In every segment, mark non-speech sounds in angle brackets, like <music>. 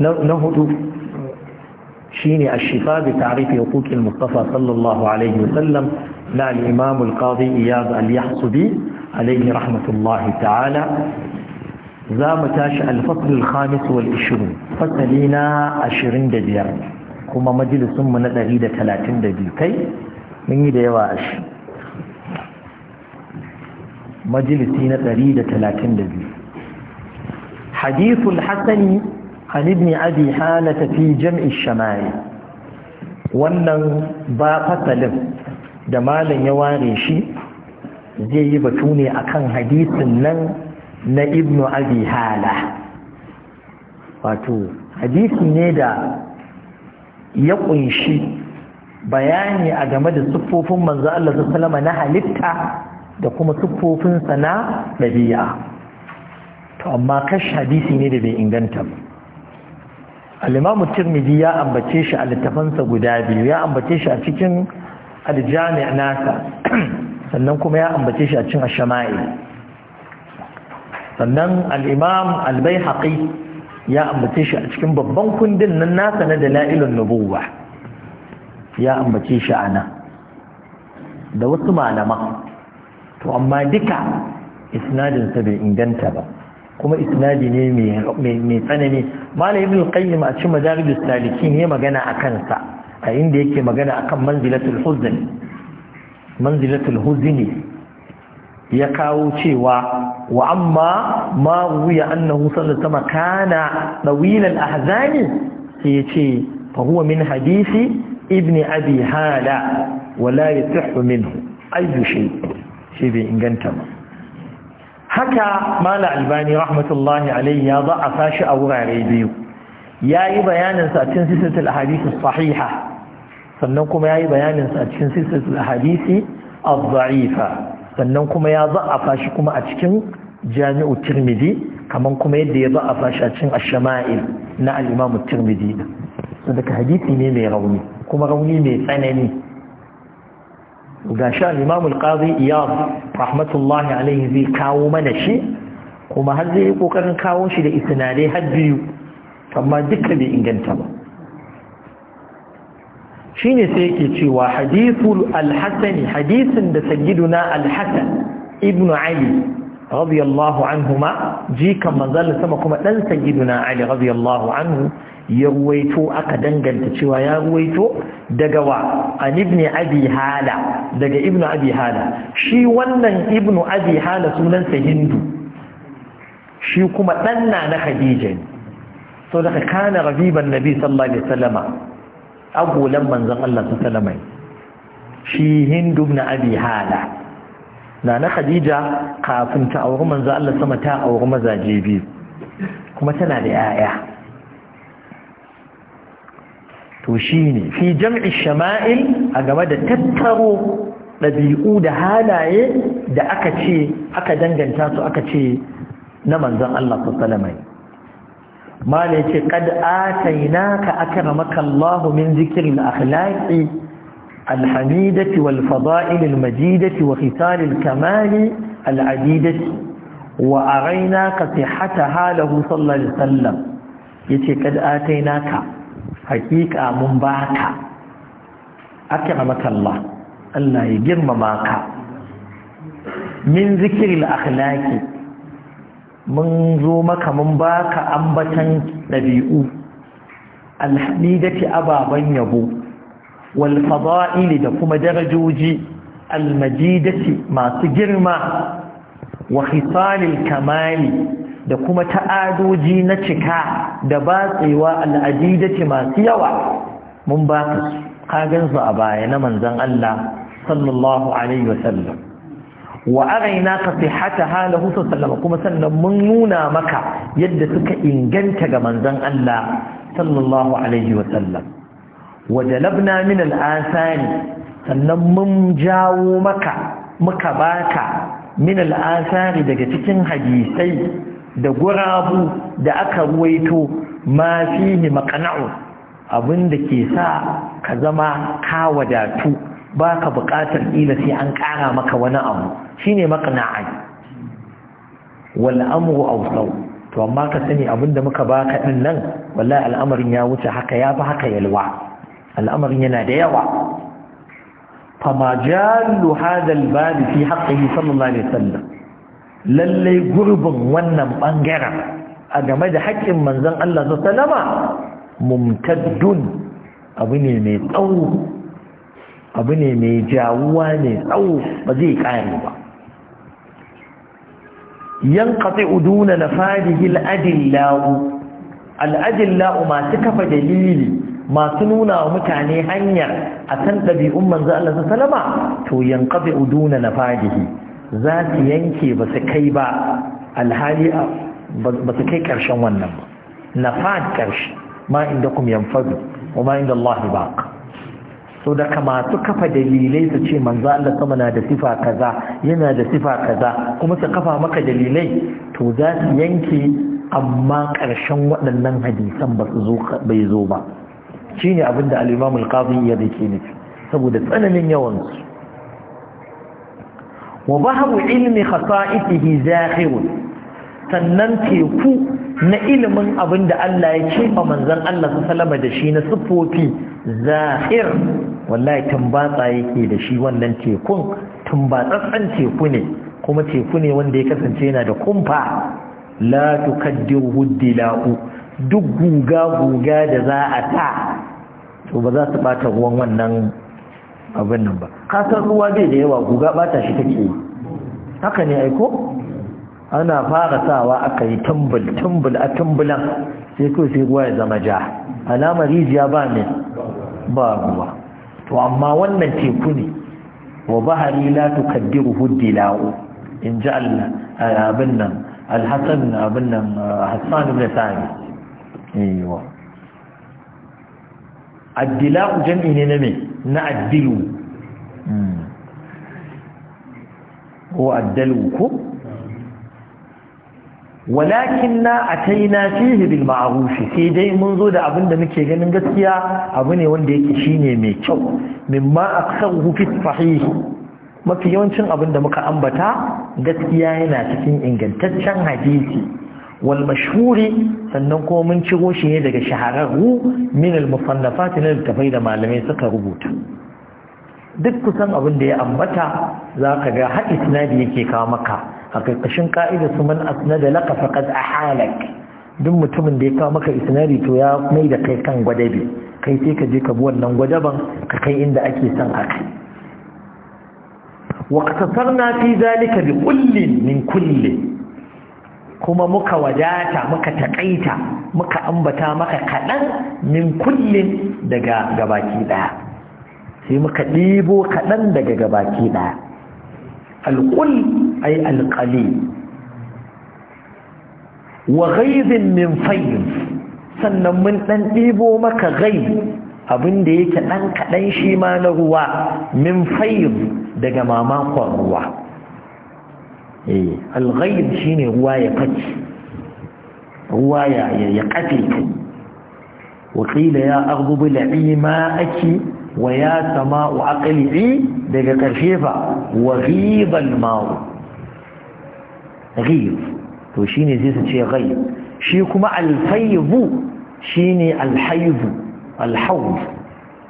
نهدو شيني الشفاء بتعريف حقوق المصطفى صلى الله عليه وسلم لا الإمام القاضي إياد اليحصبي عليه رحمة الله تعالى زامتاش الفصل الخامس والعشرون فسلينا عشرين دبير كما مجلس من الأريد ثلاثين دبير كي من يدواش مجلسين الأريد ثلاثين دبير حديث الحسن عن ابن أبي حالة في جمع wannan ba fasalin da malam ya ware shi zai yi batu ne akan hadisin nan na ibnu abi hala wato hadisi ne da ya kunshi bayani a game da siffofin manzo Allah na halitta da kuma siffofinsa na ɗabi'a to amma kashi hadisi ne da bai inganta ba al-imam tirmidhi ya ambace shi a littafansa guda biyu ya ambace shi a cikin al-jami' nasa <clears throat> sannan kuma ya ambace shi a cikin ash-shama'il sannan al-imam al ya ambace shi a cikin babban kundin nan nasa na dalailun nubuwah ya ambace shi a nan da wasu malaman to amma duka isnadinsa bai inganta ba kuma isnadi ne mai tsanani malam ibn qayyim a cikin majalis salikin ya magana a kansa a inda yake magana akan manzilatul huzn manzilatul huzni ya kawo cewa wa amma ma wuya annahu sallata makana wasallam kana dawilan ahzani sai yace fa huwa min hadisi ibn abi hala wala yasihhu minhu ayyu shay shi bai inganta ba haka mala albani rahmatullahi alaihi ya za a sashi a wurare biyu ya yi bayaninsa a cikin sisirtul hadisi sahiha sannan kuma ya yi bayaninsa a cikin sisirtul hadisi al-za'ifa sannan kuma ya za a fashi kuma a cikin jami'u tirmidhi kaman kuma yadda ya za a fashi a cikin ashama'il na al-imam tirmidhi daga hadisi ne mai rauni kuma rauni mai tsanani ga sha imamul qadi iyad rahmatullahi alaihi zai kawo mana shi kuma har zai yi kokarin kawo shi da isnadai har biyu amma duka bai inganta ba shine sai yake cewa hadithul al-hasan hadithin da sayyiduna al-hasan ibnu ali radiyallahu anhuma jikan manzal sama kuma dan sayyiduna ali radiyallahu anhu ya ruwaito aka danganta cewa ya ruwaito daga wa an ibn abi hala daga ibn abi hala shi wannan ibn abi hala sunansa hindu shi kuma ɗanna na khadija ne sau daga kana rabiban nabi sallallahu alaihi wasallama agolan manzon Allah sallallahu alaihi shi hindu ibn abi hala na na khadija kafin ta auri manzon Allah sama ta auri mazaje biyu kuma tana da 'ya'ya to shine fi jam'i shama'il a game da tattaro ɗabi'u da halaye da aka ce aka danganta su aka ce na manzon Allah sallallahu alaihi ce kad atainaka akramaka Allah min zikril akhlaqi alhamidati wal fada'il al wa khisal al kamali al adidati wa arainaka sihhataha sallallahu alaihi wasallam yace kad atainaka hakika mun baka akramaka Allah Allah ya girmama ka min zikril akhlaqi mun zo maka mun baka ambatan dabi'u alhamidati ababan yabo wal fada'il da kuma darajoji almajidati masu girma wa khisalil kamali da kuma ta'adoji na cika da batsewa al'adidati masu yawa mun ba ka su su a baya na manzon Allah sallallahu alaihi wasallam wa araina ka fi sihhata halahu sallallahu kuma sannan mun nuna maka yadda suka inganta ga manzan Allah sallallahu alaihi wasallam wa jalabna min al'asani sannan mun jawo maka muka baka min al'asari daga cikin hadisai da gurabu da aka ruwaito ma fihi maqna'u abinda ke sa ka zama ka wadatu baka buƙatar ila sai an ƙara maka wani abu shine maqna'i wal amru awsaw to amma ka sani abinda muka baka din nan wallahi al'amarin ya wuce haka ya fi haka yalwa al'amarin yana da yawa فما جال هذا الباب في حقه صلى الله عليه وسلم lallai gurbin wannan ɓangaren a game da haƙƙin manzon Allah su salama mumtaddun abu ne mai tsawo abu ne mai jawuwa mai tsawo ba zai ƙare ba yan kafe uduna na fadihil adillahu al'adillahu masu kafa dalili masu nuna wa mutane hanyar a san ɗabi'un manzo Allah su salama to yan kafe uduna na fadihi za su yanke ba su kai ba alhali ba su kai ƙarshen wannan ba na fad ƙarshe ma inda kuma yamfadu wa ma inda Allah ba so da su kafa dalilai su ce manzo Allah sama na da sifa kaza yana da sifa kaza kuma su kafa maka dalilai to za su yanke amma ƙarshen waɗannan hadisan ba su zo bai zo ba shine abinda al-Imam al-Qadhi ya dake nufi saboda tsananin yawan su wa bahabu ilmi khasa'itihi sannan teku na ilimin abinda Allah ya ce a manzan Allah su salama da shi na siffofi zahir wallahi tumbatsa yake da shi wannan tekun tumbatsatsan teku ne kuma teku ne wanda ya kasance yana da kumfa la tukaddiru dila'u duk guga guga da za a ta to ba za su bata ruwan wannan abin nan ba kasar ruwa bai da yawa guga bata shi take yi haka ne aiko ana fara sawa aka yi tumbul tumbul a tumbulan sai ko sai ruwa ya zama ja Alama rijiya ba ne ba ruwa to amma wannan teku ne wa bahari la tukaddiru huddila'u in ji Allah abin nan alhassan abin nan hassan ibn sa'id ايوه الدلاء جمع نمي na addilu ko addalu ko walakin na a taina fihi bil ma'arufi sai dai mun zo da abin muke ganin gaskiya abu ne wanda yake shine mai kyau mimma aksaruhu fi sahih mafi yawancin abin da muka ambata gaskiya yana cikin ingantaccen hadisi wal mashhuri sannan kuma mun ciro shi ne daga shahararru min al musannafat na littafai da malamai suka rubuta duk kusan abin da ya ambata zaka ga har isnadi yake kawo maka a karkashin ka'ida su man asnada laka faqad ahalak duk mutumin da ya kawo maka isnadi to ya mai da kai kan gwadabi kai sai ka je ka bi wannan gwadaban ka kai inda ake son haka kai fi zalika bi kulli min kulli kuma muka wadata muka taƙaita muka ambata maka kaɗan min kullin daga gabaki ɗaya sai muka ɗibo kaɗan daga gabaki ɗaya alƙul ai alƙali wa ghaizin min fayyin sannan mun ɗan ɗibo maka ghaiz abin da yake ɗan kaɗan shi ma na ruwa min fayyin daga mamakon ruwa Eh. alghayib shine ruwa ya faci ruwa ya ya kafe kai wa ya ardu bil'i ma'aki wa ya sama'u aqli'i daga karshe fa wa ghiba mau ghib to shine zai su ce ghayib shi kuma al shine alhaibu hayb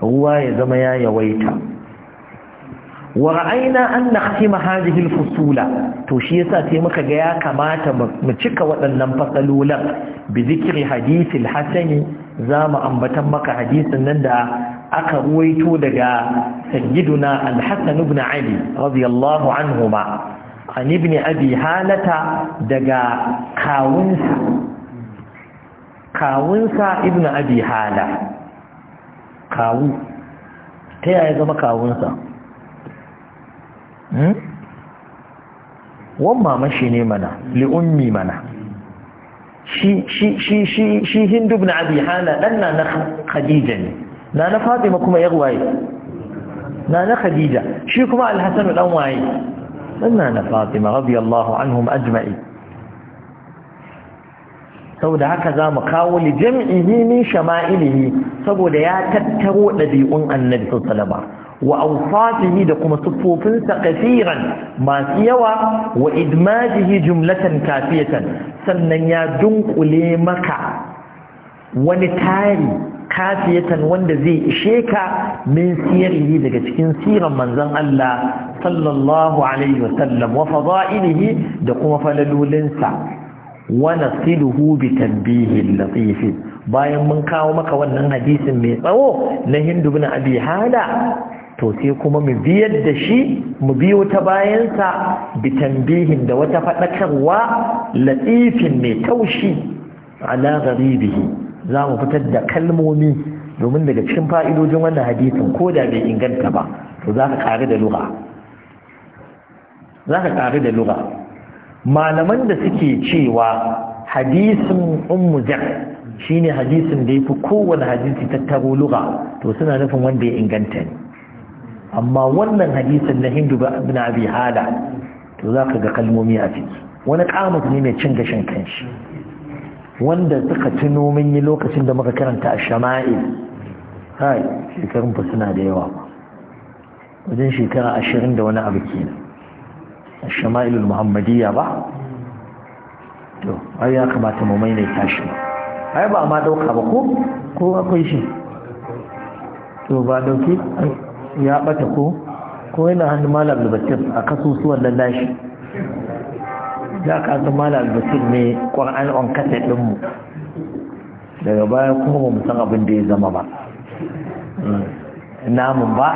ruwa ya zama ya yawaita wa ra'ayna an naqsima hadhihi al-fusula to shi yasa sai muka ga ya kamata mu cika waɗannan fasalolan bi zikri hadith al-hasani zamu ambatan maka hadisin nan da aka ruwaito daga sayyiduna al-hasan ibn ali radiyallahu anhuma an ibn abi halata daga kawunsa kawunsa ibn abi hala kawu ta yaya zama kawunsa wan mama shi ne mana li'ummi mana shi shi shi hindu ibn abi hana dan na na khadija ne na na fatima kuma yar waye na na khadija shi kuma Alhassan hasan dan waye dan na na fatima radiyallahu anhum ajma'i saboda haka za mu kawo li jam'ihi min shama'ilihi saboda ya tattaro ɗabi'un annabi sallallahu alaihi wasallam wa awsatihi da kuma siffofinsa kafiran masu yawa wa idmajihi jumlatan kafiyatan sannan ya dunkule maka wani tari kafiyatan wanda zai ishe ka min siyarihi daga cikin siran manzon Allah sallallahu alaihi wasallam wa fada'ilihi da kuma falalolinsa wa nasiluhu bi tanbihin latifi bayan mun kawo maka wannan hadisin mai tsawo na Hindu bin Abi Hala to sai kuma mu biyar da shi mu biyo ta bayansa bitambihin da wata faɗakarwa latifin mai taushi ala gharibihi za mu fitar da kalmomi domin daga cikin fa'idojin wannan hadisin ko da bai inganta ba to za ka ƙari da lura za ka ƙari da lura malaman da suke cewa hadisin ummu jar shine hadisin da ya fi kowane hadisi tattaro lura to suna nufin wanda ya inganta ne amma wannan hadisin na hindu na abi hala to za ka ga kalmomi a cikin wani kamus ne mai cin gashin kanshi wanda suka tuno min yi lokacin da muka karanta a shama'il hai shekarun fa suna da yawa wajen shekara ashirin da wani abu kenan a shama'ilul muhammadiyya ba to ai ya kamata mu maimaita tashi ai ba ma dauka ba ko ko akwai shi to ba dauki ya bata ko ko yana hannu malam albashir a kasusuwan nan za ka san malam albashir ne ƙwar'an on kasa ɗinmu daga baya kuma ba mu san abin da ya zama ba hmm. namun ba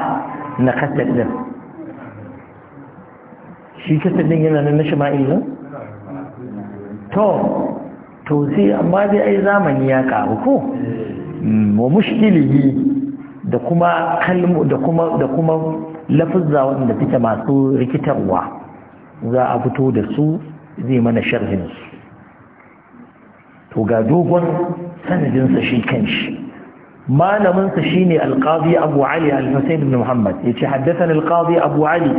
na kasa ɗin shi kasa ɗin yana nan na shima'il to to sai amma dai ai zamani ya ƙaru ko hmm, wa mushkilihi da kuma kalmo da kuma da kuma lafuzza wanda suke masu rikitarwa za a fito da su zai mana sharhin su to ga dogon sanadin sa shi kanshi malamin sa shine al Abu Ali al-Husayn ibn Muhammad yace haddathana al-qadi Abu Ali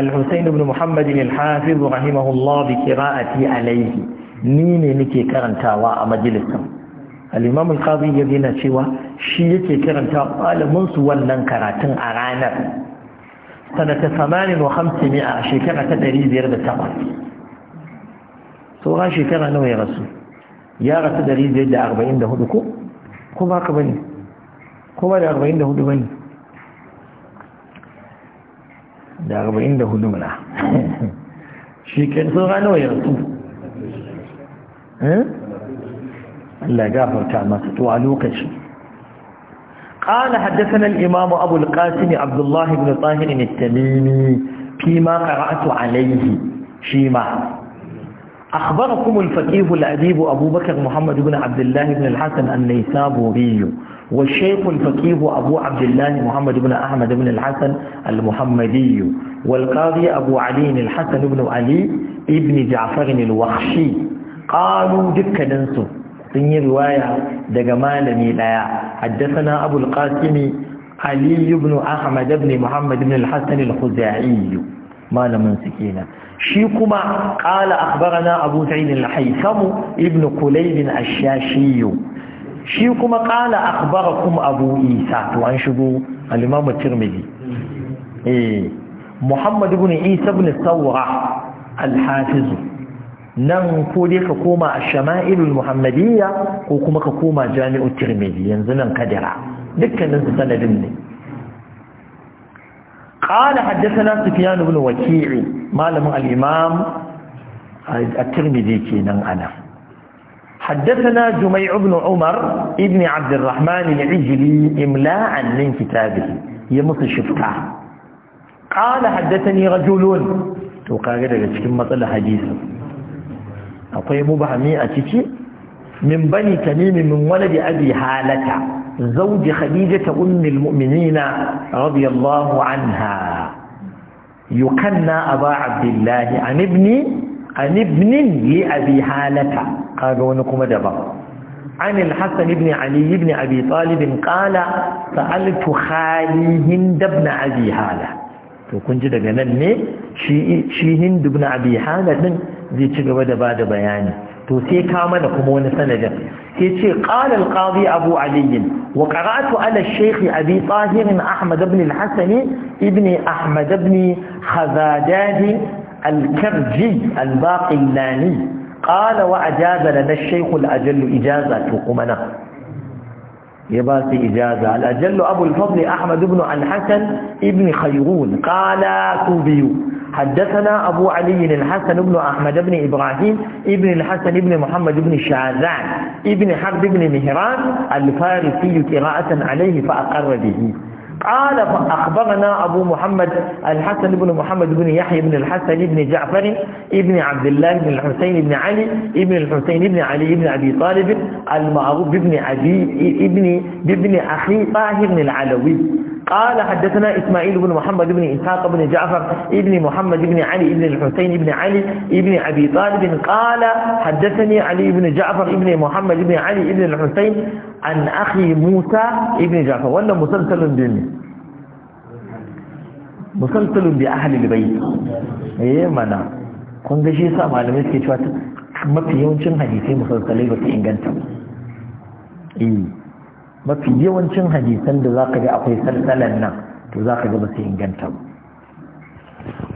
al-Husayn ibn Muhammad al-Hafiz rahimahullah bi qira'ati alayhi ni ne nake karantawa a majalisin al-imam al-qadi yabi na cewa shi yake karanta malamin su wannan karatun a ranar sanata 85 a shekara ta 508 sauran shekara nawa ya rasu ya rasu 544 ko ko ba ka bane ko ba da 44 bane da 44 mana <laughs> shi kan sauran nawa ya rasu eh الله يغفر تعماته تو قال حدثنا الإمام أبو القاسم عبد الله بن طاهر التميمي فيما قرأت عليه فيما أخبركم الفقيه الأديب أبو بكر محمد بن عبد الله بن الحسن النيسابوري والشيخ الفقيه أبو عبد الله محمد بن أحمد بن الحسن المحمدي والقاضي أبو علي الحسن بن علي ابن جعفر الوخشي قالوا دكا ننسوا sun yi riwaya daga malami daya haddathana abul qasim ali ibn ahmad ibn muhammad ibn al-hasan al-khuzai malamin su kenan shi kuma qala akhbarana abu sa'id al-haytham ibn qulayb al-shashi shi kuma qala akhbarakum abu isa to an shigo al-imam at-tirmidhi eh muhammad ibn isa ibn sawra al-hafiz nan ko dai ka koma a shama'ilul muhammadiyya ko kuma ka koma jami'ul tirmidhi yanzu nan kadira dukkanin sanadin ne qala haddathana sufyan ibn waqi'i malamin al-imam at-tirmidhi kenan ana haddathana jumai' ibn umar ibn abd arrahman al-ijli imla'an min kitabihi ya musu shifta qala haddathani rajulun to kare daga cikin matsalar hadisi akwai mubahami a ciki min bani tamimi min waladi abi halata zawji khadijata ummil mu'minina radiyallahu anha yukanna aba abdullahi an ibni an ibnin li abi halata kaga wani kuma daban عن الحسن بن علي بن أبي طالب قال سألت خالي هند بن أبي هالة to kun ji daga nan ne shi hindu na abi hana din zai ci gaba da ba da bayani to sai ka mana kuma wani sanadin Ke ce ƙalal al abu ali wa qara'tu ala shaykh abi tahir ahmad ibn al ibn ahmad ibn khazadadi al-karji ƙala baqillani qala wa ajaba lana al-shaykh al-ajall يباسي إجازة الأجل أبو الفضل أحمد بن عن حسن ابن خيرون قال كوبيو حدثنا أبو علي الحسن بن أحمد بن إبراهيم ابن الحسن بن محمد بن شعذان ابن حرب بن مهران الفارسي قراءة عليه فأقر به قال فأخبرنا أبو محمد الحسن بن محمد بن يحيى بن الحسن بن جعفر بن عبد الله بن الحسين بن علي بن الحسين بن علي بن أبي طالب المعروف بابن أبي ابن بابن أخي طاهر العلوي قال حدثنا إسماعيل بن محمد بن إسحاق بن جعفر ابن محمد بن علي ابن الحسين ابن علي ابن أبي طالب قال حدثني علي بن جعفر ابن محمد بن علي ابن الحسين عن أخي موسى ابن جعفر ولا مسلسل بني مسلسل بأهل البيت إيه منا kun ga shi yasa malamai suke cewa mafi yawancin hadisai musulsalai ba su inganta ba mafi yawancin hadisan da za ka ga akwai salsalan nan to za ka ga ba su inganta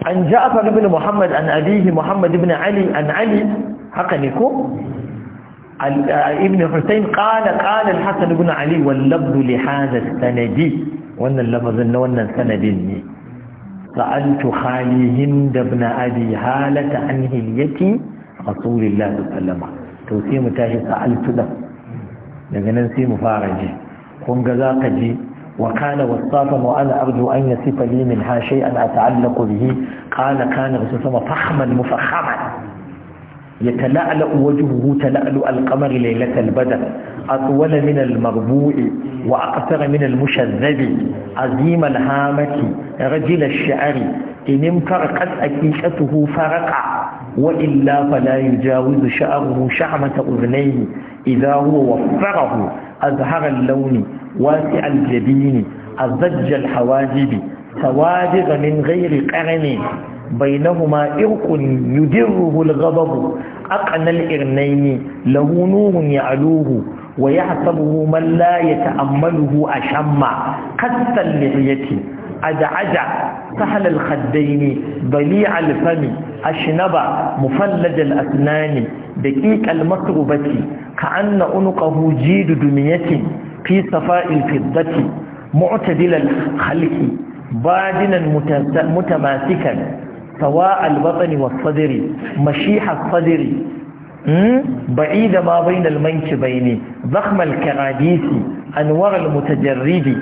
ba an faru bin muhammad an abihi muhammad ibn ali an ali haka ne ko uh, ibn hussein qala qala Hassan hasan ibn ali wal lafz li hadha sanadi wannan lafazin na wannan sanadin ne Sa'antu halihin da ibn abi halata an hilyati rasulillah sallallahu alaihi wasallam to sai mu tashi sa'antu da daga nan sai mu fara je kun ga za ka ji wa kana wasafa mu ana arju an ya sifa li min ha shay an ata'allaqu bihi kana kana su sama fakhman mufakhaman yatala'lu wajhuhu tala'lu al-qamar laylat al-badr atwala min al-marbu' wa aqtara min al-mushazzab azima al-hamati rajul al-sha'ri inim karqat aqiqatuhu faraqa wa’in lafa layin jawizu sha’aruhu sha’amata uzunayi huwa wa farahu a zaharar launi wasi aljabini a zajjal jibi. ta waje ganin gairi ƙarni bai na kuma irkun yudinru hulgababu a ƙanar irnaini launuhun ya aluhu wa ya hasabu mallaye ta ammaluhu a shamma kastan liyati أجعجع سهل الخدين بليع الفم أشنبع مفلج الأسنان دقيق المطربة كأن أنقه جيد دمية في صفاء الفضة معتدل الخلق بادنا متماسكا سواء البطن والصدر مشيح الصدر بعيد ما بين المنكبين ضخم الكراديس أنوار المتجرد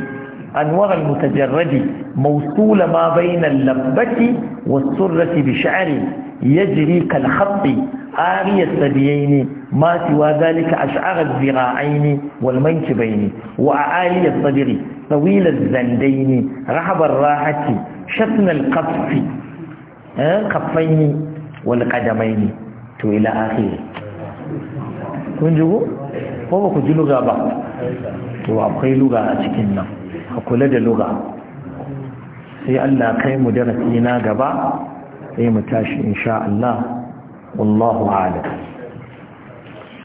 أنوار المتجرد موصول ما بين اللبة والسرة بشعر يجري كالخط آري الثديين ما سوى ذلك أشعر الذراعين والمنكبين وأعالي الصدر طويل الزندين رحب الراحة شتن القف قفين والقدمين تو إلى آخره kun jigo ko ba ku ji luga ba to akwai luga a cikin nan ka kula da luga sai Allah kai mu darasi na gaba sai mu tashi insha Allah wallahu a'lam